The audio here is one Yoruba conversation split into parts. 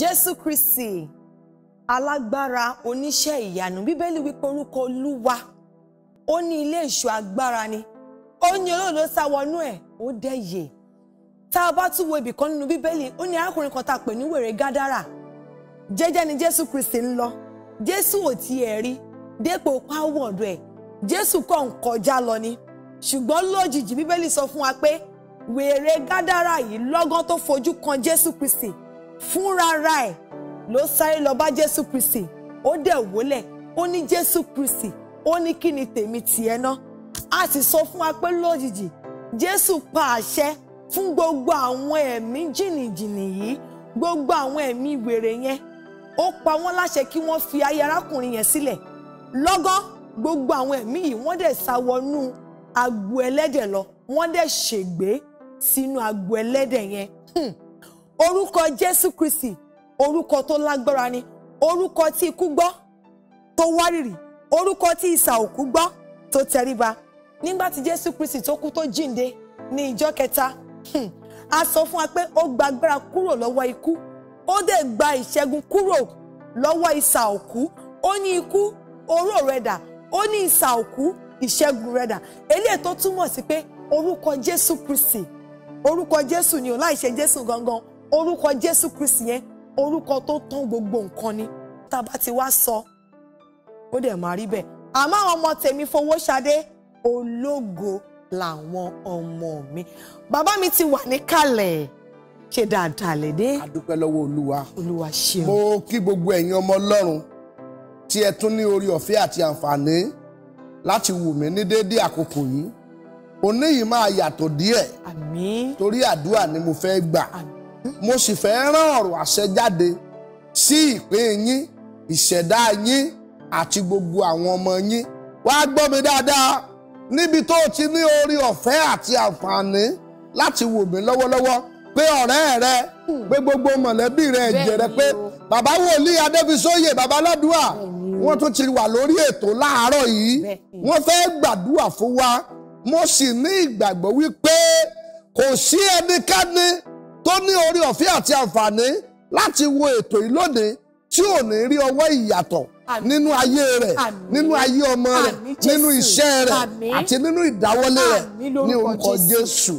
jésù kristi alágbára oníṣẹ́ ìyanu bíbélì wípé orúkọ olúwa ó ní ilé ìṣọ́ agbára ni ó ní olóòló sá wọnú ẹ̀ ó dẹ́yẹ tá a bá tún wo ibì kan nínú bíbélì ó ní arákùnrin kan tá a pè ní wèrè gádàrà jẹ́jẹ́ ni jésù kristi ń lọ jésù ò tiẹ̀ rí dépò pàwọ̀ ọ̀dọ̀ ẹ̀ jésù kàn ń lọ ni ṣùgbọ́n lójijì bíbélì sọ fún wa pé wèrè gádàrà yìí lọ́gán tó fojú kan jésù kristi fúnrara ẹ̀ ló sáré lọ bá jésù kristi ó dẹ̀ wólẹ̀ ó ní jésù kristi ó ní kí ni tèmi tiẹ̀ ná a sì sọ fún wa pé lójijì jésù pa àṣẹ fún gbogbo àwọn ẹ̀mí jìnnìjìnnì yìí gbogbo àwọn ẹ̀mí wèrè yẹn ó pa wọ́n láṣẹ kí wọ́n fi ayé arákùnrin yẹn sílẹ̀ lọ́gán gbogbo àwọn ẹ̀mí yìí wọ́n dẹ̀ sá wọnú agbo ẹlẹ́dẹ̀ lọ wọ́n dẹ̀ ṣègbé sínú agbo ẹlẹ́dẹ̀ yẹn. Hmm orúkọ jésù kristi orúkọ tó lágbára ni orúkọ tí ikú gbọ́ tó wárìrì orúkọ tí ìsà òkú gbọ́ tó tẹríba nígbà tí jésù kristi tó kú tó jíǹde ní ìjọ kẹta hmm, a sọ fún wa pé ó gba agbára kúrò lọ́wọ́ ikú ó dẹ̀ gba ìṣẹ́gun kúrò lọ́wọ́ ìsà òkú ó ní ikú oró rẹ̀ ó ní ìsà òkú ìṣẹ́gun rẹ̀ dà tó túmọ̀ sí pé orúkọ jésù kristi orúkọ jésù ni ò láì ṣe jésù gangan orúkọ jésù kristi yẹn orúkọ tó tán gbogbo nǹkan ni tá a bá ti wá sọ ó dẹ̀ máa rí bẹ́ẹ̀ àmọ́ àwọn ọmọ tèmi Fowóṣadé ológo làwọn ọmọ mi bàbá mi ti wà níkàlẹ̀ ṣe dáadáa lẹ́dẹ́. a dúpẹ́ lọ́wọ́ olúwa olúwa ṣeun. mo kí gbogbo ẹ̀yin ọmọ ọlọ́run tí ẹ tún ní orí ọ̀fẹ́ àti àǹfààní láti wù mí ní déédéé àkókò yìí òní máa yàtọ̀ díẹ̀. torí àdúrà ni mo fẹ́ gbà. àmín mo sì fẹ́ rán ọ̀rọ̀ àṣẹ jáde sí ìpín yín ìṣẹ̀dá yín àti gbogbo àwọn ọmọ yín wàá gbọ́ mi dáadáa níbi tó ti ní orí ọ̀fẹ́ àti àǹfààní láti wò mí lọ́wọ́lọ́wọ́ pé ọ̀rẹ́ rẹ pé gbogbo mọ̀lẹ́bí rẹ ẹ̀jẹ̀ rẹ pé bàbá wòlíì adébísóyè bàbá ládùúà tún ti wà lórí ètò láàárọ̀ yìí wọ́n fẹ́ gbàdúrà fún wa mo sì ní ìgbàgbọ́ wípé kò sí ẹnikẹ́ni tó ní orí ọ̀fẹ́ àti àǹfààní láti wo ètò yìí lónìí tí ò ní rí ọwọ́ ìyàtọ̀ nínú ayé rẹ̀ nínú ayé ọmọ rẹ̀ nínú iṣẹ́ rẹ̀ àti nínú ìdáwọ́lé rẹ̀ ní orúkọ Jésù.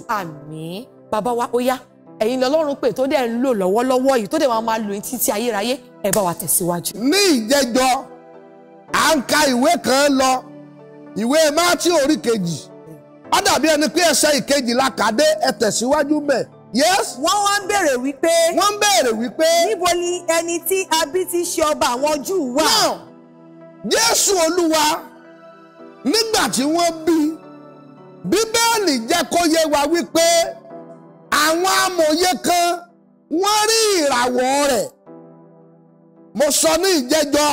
bàbá wa ó yá ẹ̀yin lọ́lọ́run pé tó dẹ̀ ń lò lọ́wọ́lọ́wọ́ yìí tó dẹ̀ máa máa lò ní títí ayérayé ẹ bá wa tẹ̀síwájú. ní ìjẹjọ à ń ka ìwé kan lọ ìwé Mátíù orí kejì ó dàbí ẹni pé ẹsẹ̀ ìkejì la kà ẹ tẹ̀síwájú bẹ́ẹ̀ yes. wọ́n wá ń béèrè wípé. wọ́n ń béèrè wípé. níbo ni ẹni tí a bí ti ṣe ọba àwọn Júù wà. now Jésù Olúwa nígbà tí wọ́n bí Bíbélì jẹ́ kó yé wa wípé àwọn amòye kan wọ́n rí ìràwọ̀ rẹ̀ mo sọ ní ìjẹjọ́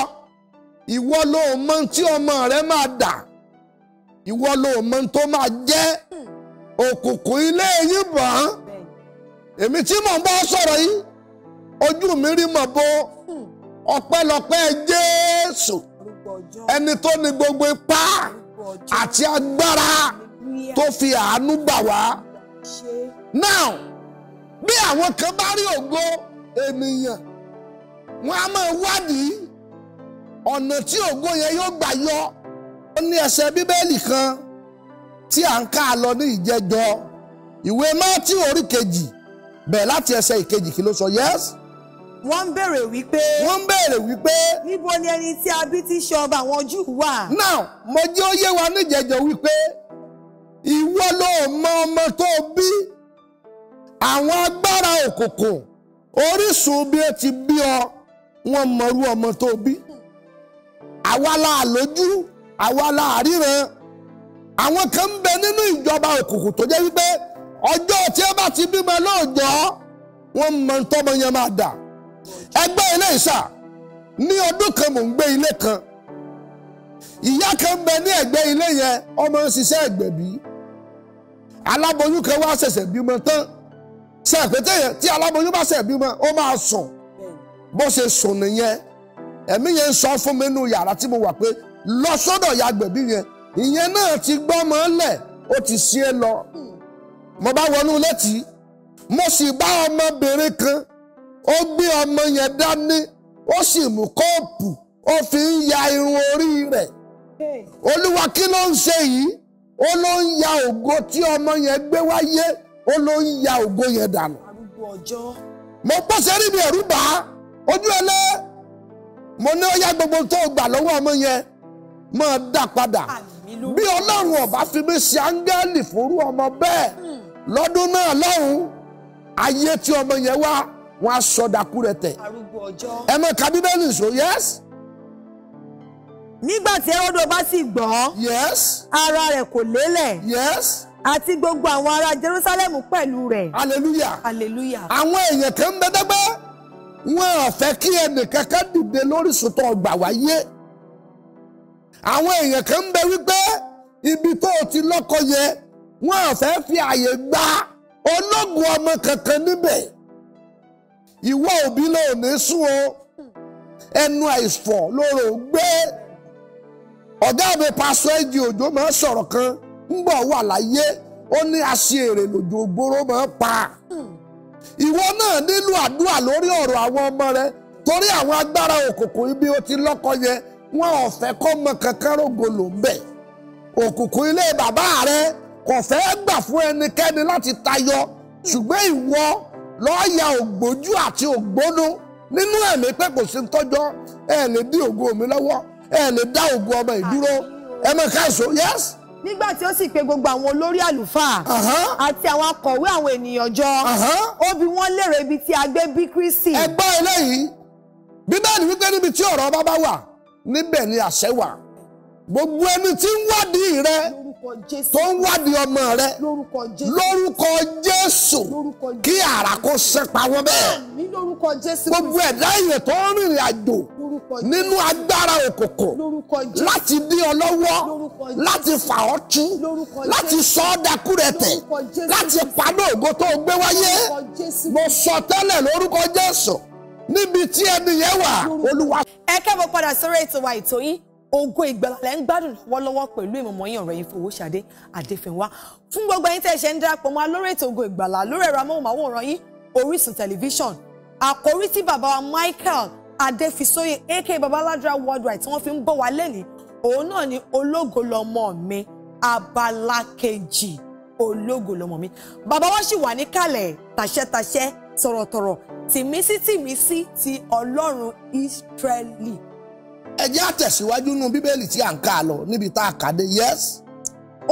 ìwọ ló mọ tí ọmọ rẹ máa dà ìwọ ló mọ tó máa jẹ́ hmm. òkùnkùn ilé yìí bọ̀ọ́ èmi tí mò ń bá sọ̀rọ̀ yìí ojú mi rí mọ̀ bó ọpẹ́lọpẹ́ Jésù ẹni tó ní gbogbo ipá àti agbára tó fi àánú gbà wá. now bí àwọn kan bá rí ògo ènìyàn wọn á máa wádìí ọ̀nà tí ògo yẹn yóò gbà yọ ó ní ẹsẹ̀ bíbélì kan tí à ń kà lọ ní ìjẹjọ ìwé Mátíù orí kejì bẹ̀rẹ̀ láti ẹsẹ̀ ìkejì kí ló sọ yes. wọ́n ń béèrè wípé. wọ́n ń béèrè wípé. níbo ni ẹni tí a bí tí ṣe ọba àwọn Júù wà. now mo jẹ́ ó yé wa níjẹ̀jọ́ wípé ìwọ ló mọ ọmọ tó bí àwọn agbára òkùnkùn orísun bí ó ti bí ọ wọ́n mọrú ọmọ tó bí àwa la lójú àwa la ríran àwọn kan ń bẹ nínú ìjọba òkùnkùn tó jẹ́ wípé ọjọ́ tí ẹ bá ti bímọ lóòjọ́ wọ́n mọ tọ́mọ yẹn máa dà ẹgbẹ́ ilé ìṣà ní ọdún kan mò ń gbé ilé kan ìyá kan ń bẹ ní ẹ̀gbẹ́ ilé yẹn ọmọ ń ṣiṣẹ́ ẹ̀gbẹ̀bí aláboyún kan wá ṣẹ̀ṣẹ̀ bímọ tán ṣàpètè tí aláboyún bá ṣẹ̀ bímọ ó máa sùn bó ṣe sùn nìyẹn ẹ̀mí yẹn ń sọ fún mi nínú yàrá tí mo wà pé lọ sọ́dọ̀ ya gbẹ̀bí yẹn ìyẹn náà ti gbọ́ mọ́ lẹ̀ ó ti ṣe é lọ. mo bá wọnú létí mo sì bá ọmọbìnrin kan ó gbé ọmọ yẹn dání ó sì mú kóòpù ó fi ń ya irun orí rẹ olúwa kí ló ń ṣe yìí ó ló ń ya ògo tí ọmọ yẹn gbé wáyé ó ló ń ya ògo yẹn dànù. mo pèsè rí mi ẹ̀rú bá ojú ẹlẹ́ mo ní ó yá gbogbo tó gbà lọ́wọ́ ọmọ yẹn máa dá padà bí ọlọ́run ọba fi mi ṣe áńgẹ́lì fúru ọmọ bẹ́ẹ̀. Hmm. lọ́dún náà lọ́hùn ayé tí ọmọ yẹn wá wọn á sọ dàkú rẹ tẹ. arúgbó ọjọ́. ẹ mọ ka bíbélì so yes. nígbà tí ẹwọ́dọ̀ bá sì gbọ́. yes. ara rẹ̀ kò lélẹ̀. yes. àti gbogbo àwọn ará Jerúsálẹ́mù pẹ̀lú rẹ̀. hallelujah. hallelujah. àwọn èèyàn kan ń bẹ dẹ́gbẹ́ wọn ò fẹ́ kí ẹnìkankan dìde lóríṣun tó gbà wáyé àwọn èèyàn kan bẹ wípé ibi tó o ti lọ́kọ yẹn wọn ò fẹ́ fi àyè gba ológun ọmọ kankan níbẹ̀ ìwọ òbí ló ní sùn o ẹnu àìsàn lóró gbé ọ̀gá mi pásọ ẹ̀jì òjò máa ń sọ̀rọ̀ kan ń bọ̀ wà láyé ó ní àṣì lòjò gbóró máa ń pa ìwọ náà nílò àdúrà lórí ọ̀rọ̀ ọmọ rẹ torí àwọn agbára òkùnkùn ibi ó ti lọ́kọ yẹn wọn ò fẹ́ kọ́ kankan rògbòlò ń bẹ̀ òkùnkùn ilé bàbá rẹ kò fẹ́ gbà fún ẹnikẹ́ni láti tayọ ṣùgbọ́n ìwọ lọ́ọ̀yà ògbójú àti ògbónú nínú ẹ̀mí pé kò sí tọ́jọ́ ẹ lè dí ògo mi lọ́wọ́ ẹ lè dá ògo ọmọ ìdúró ẹ mọ̀ káàsó yes nígbà tí ó sì pe gbogbo àwọn olórí àlùfáà àti àwọn akọ̀wé àwọn ènìyàn jọ ó bi wọ́n léèrè ibi tí a gbé bí Kristi. ẹ gbọ́ eléyìí bíbélì wípé níbi tí ọ̀rọ̀ ọba bá wà níbẹ̀ ni àṣẹ wà gbogbo ẹni tí ń wádìí rẹ tó ń wádìí ọmọ rẹ lórúkọ Jésù kí àrà kó ṣẹpa wọn bẹ́ẹ̀ gbogbo ẹ̀dá èèyàn tó ń rìnrìn àjò nínú agbára òkòkò láti dí ọ lọ́wọ́ láti fà ọ́ tú láti sọ ọ́ dakúrẹ̀tẹ̀ láti paná ògo tó gbé wáyé mo sọ tẹ́lẹ̀ lórúkọ Jésù níbi tí ẹni yẹn wà olúwa. ẹ kẹ́ mo padà sórí ètò wa ètò yìí ògo ìgbàlà lẹ́ ń gbádùn lọ́wọ́lọ́wọ́ pẹ̀lú ìmọ̀mọ́ yín ọ̀rẹ́ yín Fowóṣadé Adéfẹ́nwá fún gbogbo ẹ̀yin tẹ́ ẹ ṣe ń darapọ̀ mọ́ alórí ètò ògo ìgbàlà lórí ẹ̀rọ amóhùnmáwòrán yín Orísun tẹlifíṣọ̀n àkórí tí bàbá wa Michael Adéfisóyè aka Babaládra worldwide tí wọ́n fi ń bọ̀ wá lẹ́nìí òun náà ni ológo lọmọ mi abala kejì ológo lọmọ mi bàbá wa sì wà níkàlẹ̀ tàṣẹ́tàṣẹ́ tọ̀rọ̀tọ̀rọ̀ tìmísítìmísí ti Ọlọ́run israeli ẹ jẹ́ àtẹ̀síwájú nínú bíbélì tí à ń kà lọ níbi tá a kà dé yes.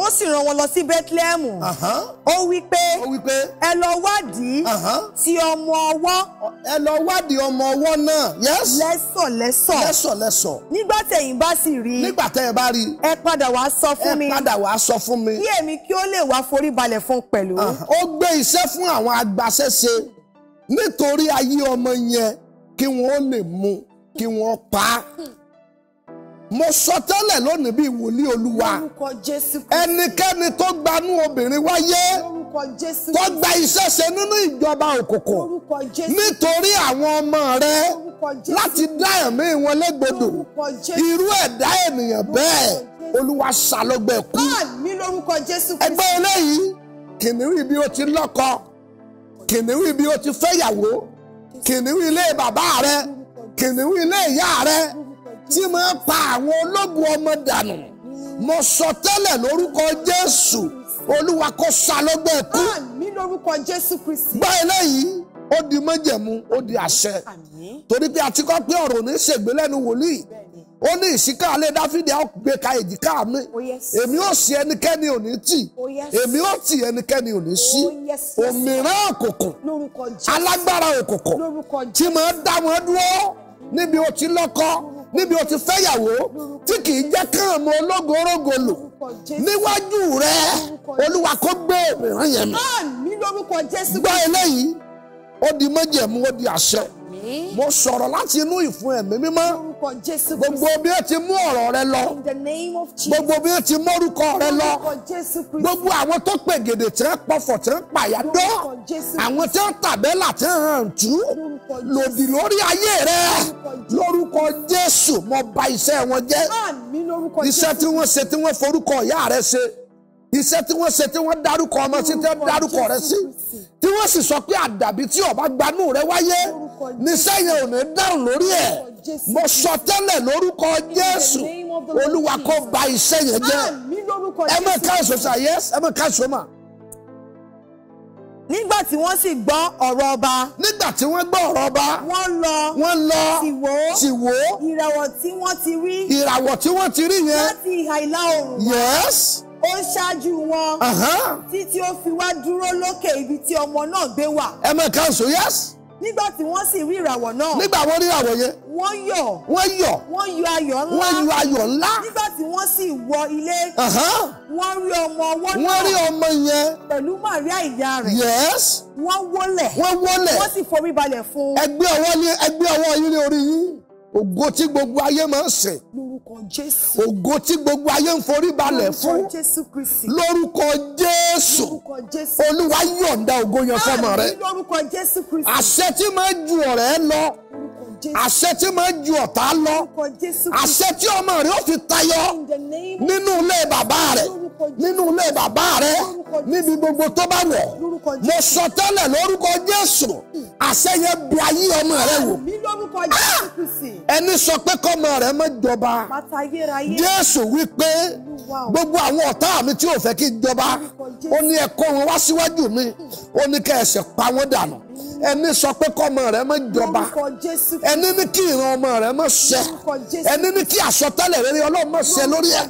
ó sì rán wọn lọ sí Bethlehem ó wí pé ẹ lọ wádìí ti ọmọ ọwọ́. ẹ lọ wádìí ọmọ ọwọ́ náà yes. lẹ́sọ̀ lẹ́sọ̀ lẹ́sọ̀ lẹ́sọ̀. nígbà tẹ̀yìn bá sì rí. nígbà tẹ̀yìn bá rí. ẹ padà wá sọ fún mi. ẹ padà wá sọ fún mi. kí èmi kí ó lè wá forí balẹ̀ fún pẹ̀lú. ó gbé iṣẹ́ fún àwọn agbaṣẹ́ṣe nítorí ayé ọmọ yẹn kí wọ́n lè mú kí wọ́n pa á mo sọ tẹ́lẹ̀ lónìí bíi wòlíì olúwa ẹnikẹ́ni tó gbanú obìnrin wáyé tó gba iṣẹ́ ṣe nínú ìjọba òkùnkùn nítorí àwọn ọmọ rẹ láti dá ẹ̀mí wọn légbodò irú ẹ̀dá ènìyàn bẹ́ẹ̀ olúwa ṣàlọ́gbẹ̀ kú ẹgbẹ́ eléyìí kìnìún ibi ó ti lọ́kọ kìnìún ibi ó ti fẹ́yàwó kìnìún ilé bàbá rẹ kìnìún ilé ìyá rẹ tí máa pa àwọn ológun ọmọ dànù mo sọ tẹ́lẹ̀ lórúkọ Jésù olúwa kó sa lọ́gbẹ́ kú. àmín lórúkọ Jésù Kristi. báyìí lẹ́yìn ó di májẹ̀mú ó di àṣẹ torí pé àti kọ́ pé ọ̀rọ̀ ní ṣègbè lẹ́nu wòlíì ó ní ìsíká alẹ́ dáfídì á gbé ka èjìká mi oh, èmi ó sí ẹnikẹ́ni ò ní tì oh, èmi ó tì ẹnikẹ́ni ò ní sí oh, òmìrán òkùnkùn alágbára òkùnkùn tí mo dá wọn dúró níbi ó ti lọ́kọ́ níbi o ti fẹ́yàwó tí kì í jẹ́ kán mọ ológorógo lò níwájú rẹ olúwa kó gbé òmíràn yẹn mi. gba eléyìí ó di májẹ̀mú ó di àṣẹ. Mo sọ̀rọ̀ láti inú ìfún ẹ̀mí mímọ́. Orúkọ Jésù Kristi. Gbogbo bí ó ti mú ọ̀rọ̀ rẹ lọ. In the name of Jesus. Gbogbo bí ó ti mú orúkọ rẹ lọ. Orúkọ Jésù Kristi. Gbogbo àwọn tó pè gèdè tí wọ́n pọfọ̀ tí wọ́n pàyà dọ́. Àwọn tí wọ́n tàbẹ́là tí wọ́n hàn tú. Lòdì lórí ayé rẹ. Lórúkọ Jésù mo ba iṣẹ́ wọn jẹ́. Àmín lórúkọ Jésù. Iṣẹ́ tí wọ́n ṣe tí wọ́n forúkọ ìyá rẹ ṣe iṣẹ́ tí wọ́n ṣe tí wọ́n dárúkọ ọmọ sí tí wọ́n dárúkọ rẹ sí tí wọ́n sì sọ pé àdàbí tí ọba gbanú rẹ wáyé níṣẹ́ yẹn ò ní dáhùn lórí ẹ̀ mo sọ tẹ́lẹ̀ lórúkọ Jésù Olúwa kó bà iṣẹ́ yẹn jẹ́ ẹ má káàsó sa yes ẹ má káàsó mà. nígbà tí wọ́n sì gbọ́ ọ̀rọ̀ ọba. nígbà tí wọ́n gbọ́ ọ̀rọ̀ ọba. wọ́n lọ wọ́n lọ sì wò ó ìràwọ̀ tí wọ́n ti rí. ìràwọ̀ tí wọ́n ti rí yẹn. láti ìhà ìlà oòrùn. yes ó ń ṣáájú wọn. títí ó fi wá dúró lókè ibi tí ọmọ náà gbé wà. ẹ mọ̀ káàsó yes nígbà tí wọ́n sì rí ìràwọ̀ náà. nígbà wọ́n rí ìràwọ̀ yẹn. wọ́n yọ̀. wọ́n yọ̀. wọ́n yọ ayọ̀ ńlá. wọ́n yọ ayọ̀ ńlá. nígbà tí wọ́n sì wọ ilé. wọ́n rí ọmọ ọwọ́ náà. wọ́n rí ọmọ yẹn. pẹ̀lú Màríà ìyá rẹ̀. yes. wọ́n wólẹ̀. wọ́n wólẹ̀. wọ́n sì forí balẹ̀ fún. ẹgbẹ́ ọwọ́ yín ní orí yín ògo tí gbogbo ayé máa ń sìn orúkọ jésù. ògo tí gbogbo ayé ń forí balẹ̀ fún lórúkọ jésù olúwa yọ̀ǹda ògo yẹn fọmọ rẹ àṣẹ tí máa ju ọ̀rẹ́ lọ àṣẹ tí máa ju ọ̀tá lọ àṣẹ tí ọmọ rẹ ó fi tayọ nínú ilé bàbá rẹ nínú ilé bàbá rẹ níbi gbogbo tó bá wọ̀ mo sọ tẹ́lẹ̀ lórúkọ Jésù àṣẹ yẹn bu ayé ọmọ rẹ wò ah! ẹni sọ pé kọ́mọ rẹ má jọba Jésù wípé gbogbo àwọn ọ̀tá mi tí ò fẹ́ kí jọba ó ní ẹ wọn wá síwájú mi ó ní kẹ́ ẹsẹ̀ pa wọ́n dànù ẹni sọ pé kọ́mọ rẹ mọ jọba ẹni ní kí ìran ọmọ rẹ mọ ṣẹ ẹni ní kí àsọtẹ́lẹ̀ rere Ọlọ́run mọ ṣẹ lórí ẹ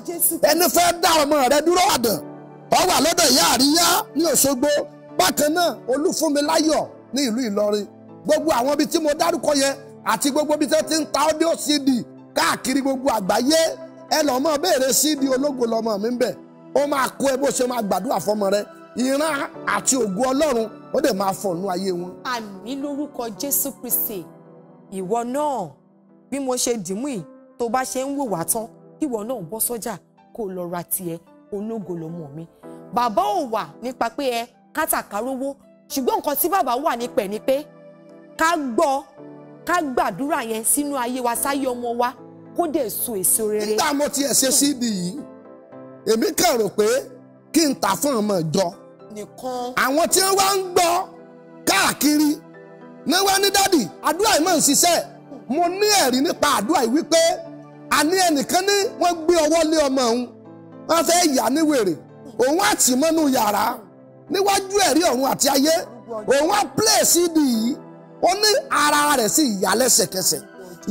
ẹni fẹ́ dá ọmọ rẹ dúró àdàn ó wà lọ́dọ̀ ìyá àríyá ní Òṣogbo bákan náà Olúfúnmiláyọ̀ ní ìlú Ìlọrin gbogbo àwọn ibi tí mo dárúkọ yẹn àti gbogbo ibi tí wọ́n ti ń ta audio CD káàkiri gbogbo àgbáyé ẹ lọ mọ béèrè CD ológo lọmọ mi ń bẹ ó máa kó ẹ bó ṣe máa gbàdúrà fọmọ rẹ ìran àti ògo Ọlọ́run wọ́n dẹ̀ máa fọ̀ nú ayé wọn. àmì lórúkọ jésù kristi ìwọ náà bí mo ṣe dìímú yìí tó bá ṣe ń wò wá tán ìwọ náà bọ́ sọ́jà kó lọ ra tiẹ̀ ológo lọmọ mi bàbá ò wà nípa pé ẹ kátàkárówó ṣùgbọ́n nǹkan tí bàbá wà nípẹ̀ ni pé ká gbọ́ ká gbàdúrà yẹn sínú ayé wa sáyé ọmọ wa kó dẹ̀ so èso rere. nígbà mo tiẹ̀ ṣe síbi yìí èmi kàn rò pé kí n tà fún ọmọ ìjọ nìkan. àwọn tí wọ́n wá ń gbọ́ káàkiri ní wọ́n ní dádì àdúrà yìí máa ń ṣiṣẹ́ mo ní ẹ̀rí nípa àdúrà yìí wípé àní ẹnìkan ní wọ́n gbé ọwọ́ lé ọmọ òun wọ́n fẹ́ yà ní wèrè òun á tì mọ́nú yàrá níwájú ẹ̀rí ọ̀run àti ayé òun á play CD yìí ó ní ara rẹ̀ sì yà lẹ́sẹ̀kẹsẹ̀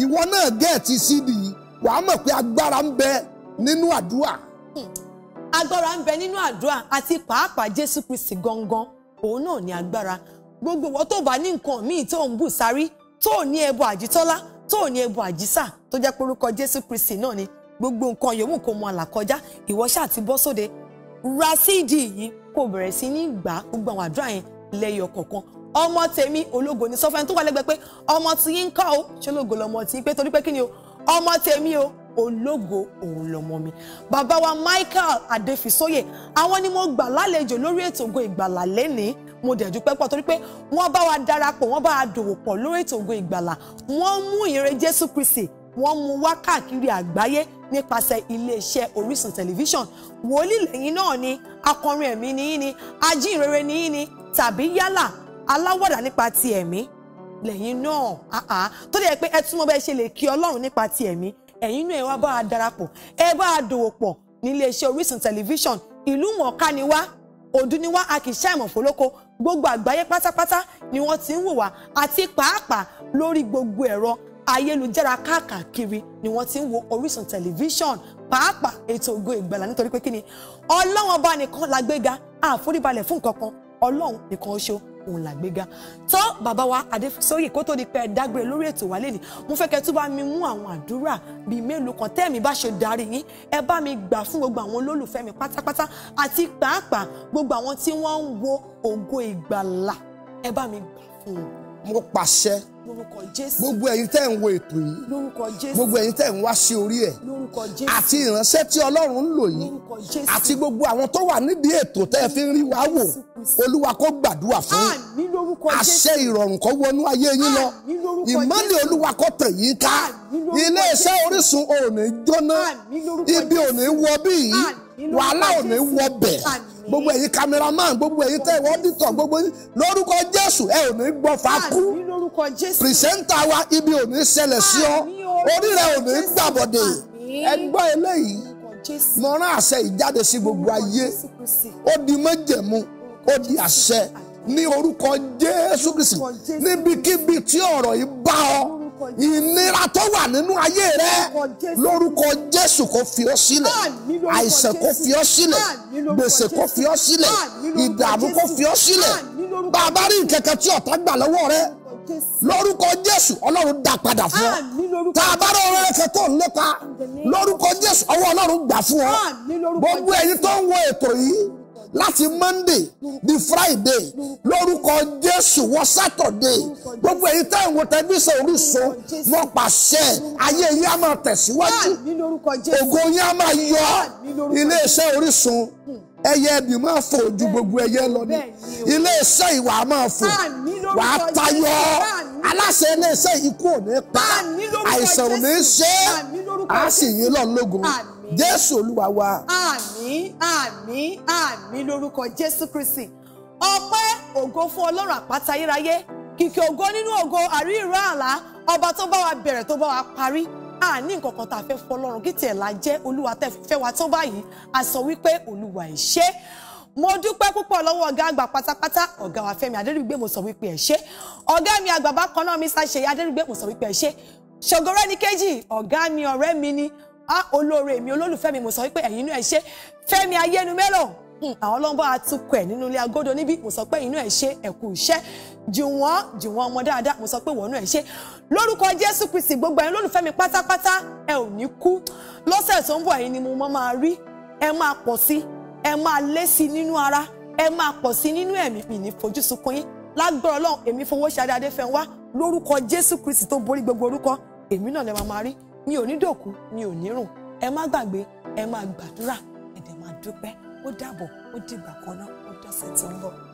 ìwọ náà gẹ̀ẹ́tì CD yìí wàá mọ̀ pé agbára ń bẹ nínú àdúrà agbára ń bẹ nínú àdúrà àti pàápàá Jésù Kristi gangan òun náà ní agbára gbogbo wọn tó bá ní nǹkan míì tó ń bù sárí tó ní ẹbọ àjítọ́lá tó ní ẹbọ àjísà tó jẹ́ porúkọ Jésù Kristi náà ni gbogbo nǹkan yòówù kó mu àlàkọjá ìwọ ṣáà ti bọ́ sóde ra síìdì yìí kó bẹ̀rẹ̀ sí ní gbà gbogbo àwọn àdúrà yẹn lẹ́yọ kọ̀ọ̀kan ọmọ tèmi ológo ni sọfẹ́ni tó wà lẹ́gbẹ̀ẹ́ pé ọmọ tí yín ń kọ́ o ṣé ológo lọmọ tí yín pé torí pé kí ni o ọmọ tèmi o ológo òun lọmọ mi bàbá wa Michael Adéfisóyè àwọn ni mo gbà lálejò lórí ètò Ògo Ìgbàlà lẹ́nìí mo dẹ̀ dúpẹ́ pọ̀ torí pé wọ́n bá wa darapọ̀ wọ́n bá wa dòwò pọ̀ lórí ètò Ògo Ìgbàlà wọ́n mú ìre Jésù Kristi wọ́n mú wá káàkiri àgbáyé nípasẹ̀ iléeṣẹ́ Orísun tẹlifíṣàn wòlíì lẹ́yìn náà ni akọrin ẹ̀mí ni yín ni ajínrere ni yín ni tàbí yálà aláwàdà nípa ti ẹ̀mí lẹ́yìn náà tó dẹ̀ pé ẹ túmọ̀ bẹ́ẹ̀ ṣe lè kí Ọlọ́run nípa ti ẹ̀mí ẹ̀yin náà ẹ wá bá a darapọ̀ ẹ bá a dòwò pọ̀ nílé iṣẹ́ Orísun tẹlifíṣàn ìlú mọ̀ọ́ká ni wá òdu ni wá a kì í ṣàìmọ̀ fólókó gbogbo àgbáyé pátápátá ni wọ́n ti ń wò wá àti pàápàá lórí gbogbo ẹ̀rọ ayélujára káàkiri ni wọ́n ti ń wo Orísun tẹlifíṣàn pàápàá ètò ògo ìgbàlà nítorí pé kí ni Ọlọ́run ọba nìkan lágbéga àforíbalẹ̀ fún nǹkan kan Ọlọ́run nìkan ṣo òun làgbéga tó bàbá wa Adéfúnsóyè kó tó di pé dágbére lórí ètò wa lẹ́nìí mo fẹ́ kẹ́ tó bá mi mú àwọn àdúrà bíi mélòó kan tẹ́ẹ̀mí bá ṣe darí yín ẹ bá mi gbà fún gbogbo àwọn olólùfẹ́ mi pátápátá àti pàápàá gbogbo àwọn tí wọ́n ń wo ògo ìgbàlà ẹ bá mi gbà fún wọn mo pàṣẹ lórúkọ jésù gbogbo ẹ̀yin tẹ́ ń wo ètò yìí lórúkọ jésù gbogbo ẹ̀yin tẹ́ ń wá sí orí ẹ̀ lórúkọ jésù àti ìránṣẹ́ tí ọlọ́run ń lò yìí lórúkọ jésù àti gbogbo àwọn tó wà nídìí ètò tẹ́ fi ń rí wa wò olúwa kó gbàdúrà fún yín àṣẹ ìrọ̀rùn kó wọnú ayé yín lọ ìmọ́lẹ̀ olúwa kó tẹ̀ yín ká iléeṣẹ́ orísun òní jóná ibi òní wọ bí yìí wàhálà ò ní wọ bẹ̀ gbogbo ẹ̀yin cameraman gbogbo ẹ̀yin tẹ́ ìwọ dìtọ̀ gbogbo yín lórúkọ Jésù ẹ ò ní gbọ́ fakú pìrìsẹ́ńtà wa ibi ò ní ṣẹlẹ̀ sí ọ orí rẹ ò ní gbàbọ̀dẹ̀ ẹ gbọ́ eléyìí mo rán àṣẹ ìjáde sí gbogbo ayé ó di májẹ̀mú ó di àṣẹ ní orúkọ Jésù Kristi níbikíbi tí ọ̀rọ̀ yìí bá ọ ìnira tó wà nínú ayé rẹ lórúkọ Jésù kò fi ọ́ sílẹ̀ àìsàn kò fi ọ́ sílẹ̀ gbèsè kò fi ọ́ sílẹ̀ ìdààmú kò fi ọ́ sílẹ̀ bàbá rí nkẹ̀kẹ́ tí ọ̀tá gbà lọ́wọ́ rẹ lórúkọ Jésù Ọlọ́run dá padà fún ọ tá a bá rọ ọ̀rẹ́ rẹ tó ń lépa lórúkọ Jésù ọwọ́ Ọlọ́run gbà fún ọ gbogbo ẹ̀yin tó ń wo ètò yìí láti monday di friday lórúkọ jésù wọ saturday gbogbo èyí tẹ́ ìwò tẹlifíṣàn orísun mo pàṣẹ ayé yín á máa tẹ̀síwájú ògo yín á máa yọ iléeṣẹ́ orísun hmm. ẹyẹ ẹbí máa fò ju gbogbo ẹyẹ lọ ní iléeṣẹ́ ìwà máa fò wàá tayọ aláṣẹ iléeṣẹ́ ikú ò ní pa àìsàn ò ní ṣe é a sì yín lọ lógo jésù olúwa wa. àmín àmín àmín lórúkọ jésù kristi ọpẹ́ ògo fún ọlọ́run àpáta ayérayé kìkì ògo nínú ògo àrí ìró àlá ọba tó bá wa bẹ̀rẹ̀ tó bá wa parí àní nǹkan kan tá a fẹ́ fọlọ́run kí tiẹ̀ la jẹ́ olúwa tẹ́ fẹ́ wa tó báyìí a sọ wípé olúwa ẹ̀ ṣé mo dúpẹ́ púpọ̀ lọ́wọ́ ọ̀gá àgbà pátápátá ọ̀gá wa Fẹ́mi Adédùgbé mo sọ wípé ẹ̀ ṣé ọ̀gá mi àgbà bákan náà Mr. Ṣèyí Adédùgbé mo sọ wípé ẹ̀ ṣé ṣògo rẹ́ni kejì ọ̀gá mi ọ̀rẹ́ mi ni á olóore mi olólùfẹ́ mi mo sọ pé ẹ̀yin inú ẹ̀ ṣe fẹ́mi ayélujára hmm, àwọn ọlọ́mbà atukọ̀ ẹ̀ nínú ilé agodo níbí mo sọ pé inú ẹ̀ ṣe ẹ̀kú iṣẹ́ jùwọ́n jùwọ́n ọmọ dáadáa mo sọ pé wọ́n inú ẹ̀ ṣe lórúkọ jésù kristi gbogbo ẹ̀yin olólùfẹ́ mi pátápátá ẹ ò ní kú lọ́sẹ̀ tó ń bọ̀ ẹ̀yin ni mo máa rí ẹ máa pọ̀ sí ẹ máa lé sí nínú ara ẹ máa pọ̀ sí nínú ẹ̀mí mi ní fojú sunkún yín lágbára ọlọ́run èmi fowó ṣadé adéfẹ́ńwá lórúkọ jésù kristi tó borí gbogbo orúkọ èmi náà lè máa máa rí mi ò ní dòkú mi ò ní rùn ẹ má gbàgbé ẹ máa gbàdúrà ẹ dẹ̀ máa dúpẹ́ ó dàbọ̀ ó dìgbà kan náà ó dọ̀sẹ̀ tí ń bọ̀.